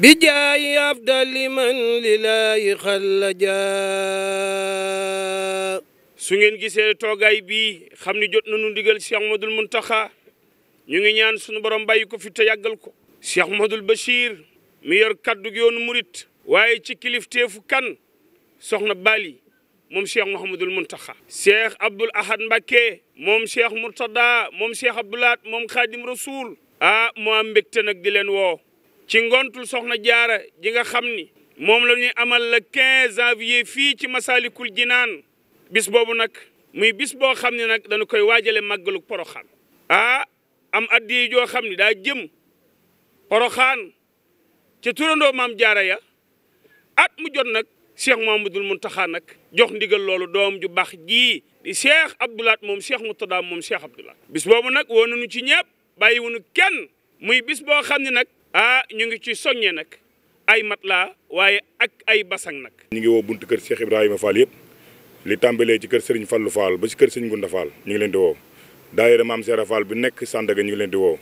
bijaayi afdali man lilaahi xallaja su ngeen gisee toogaay bi xam ni jot na nañu ndigal Cheikh Madul Muntaxa ñu ngi ñaan suñu borom bàyyi ko fi te yàggal ko Cheikh Madul Bachir mi yor kaddu gi yoonu murit waaye ci kilifteefu kan soxna Bali moom Cheikh Mouhamadul Muntaxa Cheikh Abdoul Ahad Mbacké moom Cheikh Murtada moom Cheikh Abdoulaat moom Xaadim Rasoul ah mo am mbégte nag di leen woo ci ngontul soxna jaara ji nga xam ni moom la ñuy amal le 15 janvier fii ci Massalikul Jinaan bis boobu nag muy bis boo xam ne nag dañu koy waajale màggalu poroxaan ah am addi joo xam ne daa jëm poroxaan ca turandoo maam jaara ya at mu jot nag mu cheikh Mouhamadoul Mountakha nag jox ndigal loolu doom ju baax jii di cheikh Abdoulaat moom mu Moutada moom cheikh Abdoulaat bis boobu nag woo nañu ci ñëpp bàyyi wuñu kenn muy bis boo xam ne nag ah ñu ngi ci soññee nag ay matelas waaye ak ay basang nag. ñu ngi woo buntu kër Cheikh Ibrahima Fall yëpp li tàmbalee ci kër Serigne Fallou Fall ba ci kër Serigne Gunda Fall ñu ngi leen di woo daayira Maam Serap Fall bu nekk Sandaga ñu ngi leen di woo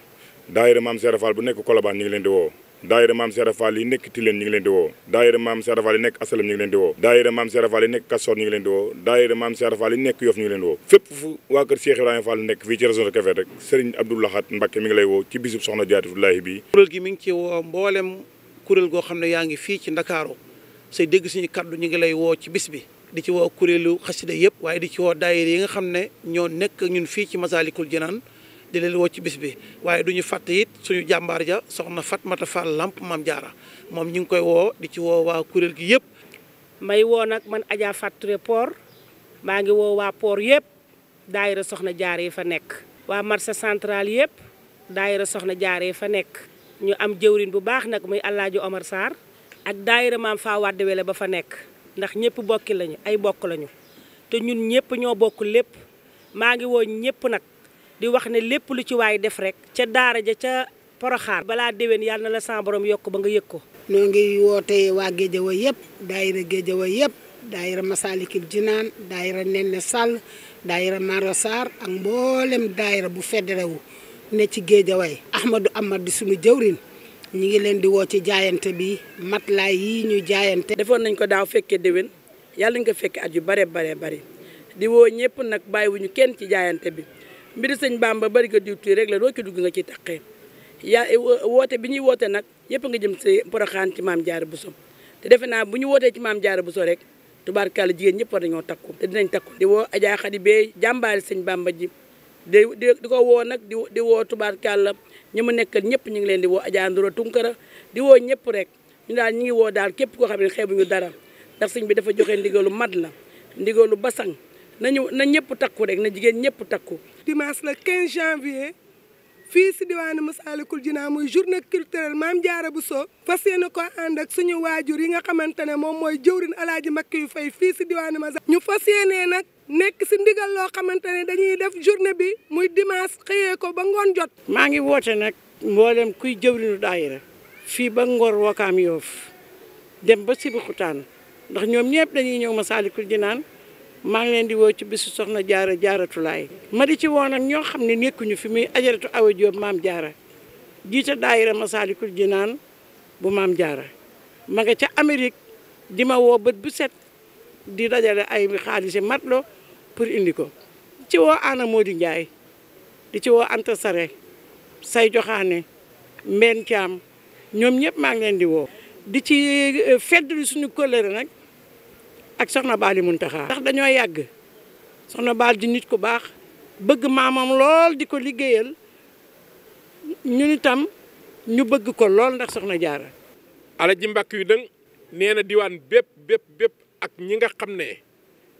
daayira Maam Serap Fall bu nekk Colobane ñu ngi leen di woo. daayira maam Cheikh Fall yi nekk Tilène ñu ngi leen di woo daayira maam Cheikh Fall yi nekk Asalam ñu ngi leen di woo daayira maam Cheikh Fall yi nekk Kassor ñu ngi leen di woo daayira maam Cheikh Fall yi nekk Yoff ñu ngi leen di woo fépp fu waa kër Cheikh nekk fii ci région de Kébémer ngi lay woo ci bisub soxna Jaaratu Laahi bi kuréel gi mi fii ci Ndakaaru say dégg suñu kaddu ñu ngi lay woo ci bis bi di ci woo kuréelu xasida yëpp waaye di ci woo daayira yi nga xam ne ñoo nekk ñun fii ci Masalikul Jinaan di ci bis bi waaye du ñu fàtte it suñu jàmbaar ja soxna Fatmata Fall Lamp Maam Jaara moom ñu ngi koy woo di ci woo waa kuréel gi yëpp. may woo nag man Adja Fature poor maa ngi woo waa poor yëpp daayira soxna jaare yi fa nekk. waa marché central yëpp daayira soxna jaare fa nekk ñu am jëwrin bu baax nag muy Alaaji Omar Sarr ak daayira maam faa wàdde wele ba fa nekk ndax ñëpp bokki lañu ay bokk lañu te ñun ñëpp ñoo bokk lépp maa ngi woo ñëpp nag. di wax ne lépp lu ci waay def rek ca daara ja ca poroxaar balaa déwén yàlla na la sa yokk ba nga yëg ko noo ngi woote waa Géejawa yëpp daayira Géejawa yëpp daayira Masalikul Jinaan daayira Nenne sàll daayira Mara Sarr ak mboolem daayira bu fédéré ne ci Géejawaay Ahmadou Amar di suñu jëwrin ñi ngi leen di woo ci jaayante bi matelas yi ñu jaayante defoon nañ ko daaw fekkee déwén yàlla ñu ko fekkee at yu bare bare bare di woo ñëpp nag bàyyiwuñu kenn ci jaayante bi mbiri sëñ ba bari ko diwtiir rek la doo ci dugg nga ci taqee yaa eh, woote bi ñuy woote nag yëpp nga jëm si Porokhane ci maam Jaara Bousso te defe naa bu ñu wootee ci maam Jaara Bousso rek tubaarkàlla jigéen ñëpp war nañoo takku te dinañ takku di woo Adja Khady Bey jàmbaari sëñ Bamba ji di di ko woo nag di di woo tubaarkàlla ñi mu nekk ñëpp ñu ngi leen di woo Adja Ndoro Tunkara di woo ñëpp rek ñu daal ñu ngi woo daal képp koo xam ne xeebuñu dara dax sëñ bi dafa joxe lu mat la ndigalu basang nañu na ñëpp takku rek na jigéen ñëpp takku. dimanche la 15 janvier fii si diwaanu Massalikul Jinaan muy journée culturelle Maam Jaara Bousso. fas yéene ko ànd ak suñu waajur yi nga xamante ne moom mooy jëwrin alaaji Makki yu fay fii si diwaanu Massa. ñu fas nag nekk si ndigal loo xamante ne dañuy def journée bi muy dimanche xëyee ko ba ngoon jot. maa ngi woote nag mboolem kuy jëwrinu daayira fii ba Ngor Wakaam Yoof dem ba Sibixutaan ndax ñoom ñëpp dañuy ñëw Massalikul Jinaan maa ngi leen di woo ci bisu soxna jaara jaaratulaay ma di ci woon nag ñoo xam ne nekkuñu fi muy ajaratu awa Jóob maam jaara jiite daayira Masaalikul Jinaan bu maam jaara ma nga ca Amérique di ma woo bët bu set di dajale ay xaalisi matlo pour indi ko ci woo Anna Mody Ndiaye di ci woo Anta Sare say joxaane mbenn caam ñoom ñëpp maa ngi leen di woo di ci eh, fedd suñu kóllëre nag ak soxna Baali Muntaxa ndax dañoo yàgg soxna Baal di nit ku baax bëgg maamam lool di ko liggéeyal ñun itam ñu bëgg ko lool ndax soxna jaara ji Mbàkke yu dëng nee na diwaan bépp bépp ak ñi nga xam ne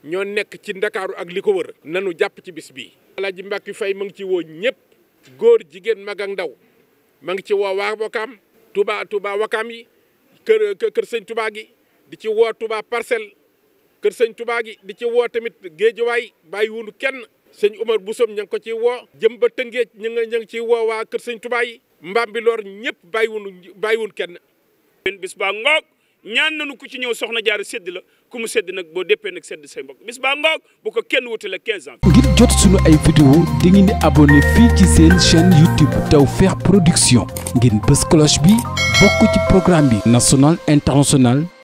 ñoo nekk ci ndakaaru ak li ko wër nanu jàpp ci bis bi bii ji Mbàkke yu fay ma ngi ci woo ñëpp góor jigéen mag ak ndaw ma ngi ci woo waa Wakaam Touba Touba Wakaam yi kër sëñ Touba gi di ci woo Touba Parcelles kër sëñ Touba gi di ci woo tamit géejawaay bàyyiwunu kenn sëñ Umar Busom ña ko ciy woo jëm ba Tëngéej ñu nga ña ngi ciy woo waa kër sëñ Touba yi Mbambilor ñëpp bàyyiwunu bàyyiwun kenn bis baa ngoog ñaan nañu ku ci ñëw soxna jaar sedd la ku mu sedd nag boo déppee nag sedd say mbokk bis baa ngoog bu ko kenn wuti la 15 ans ngir jot suñu ay vidéo di ngeen di abonné fii ci seen chaîne YouTube Tawfekh Production ngeen bës cloche bi bokk ci programme bi national international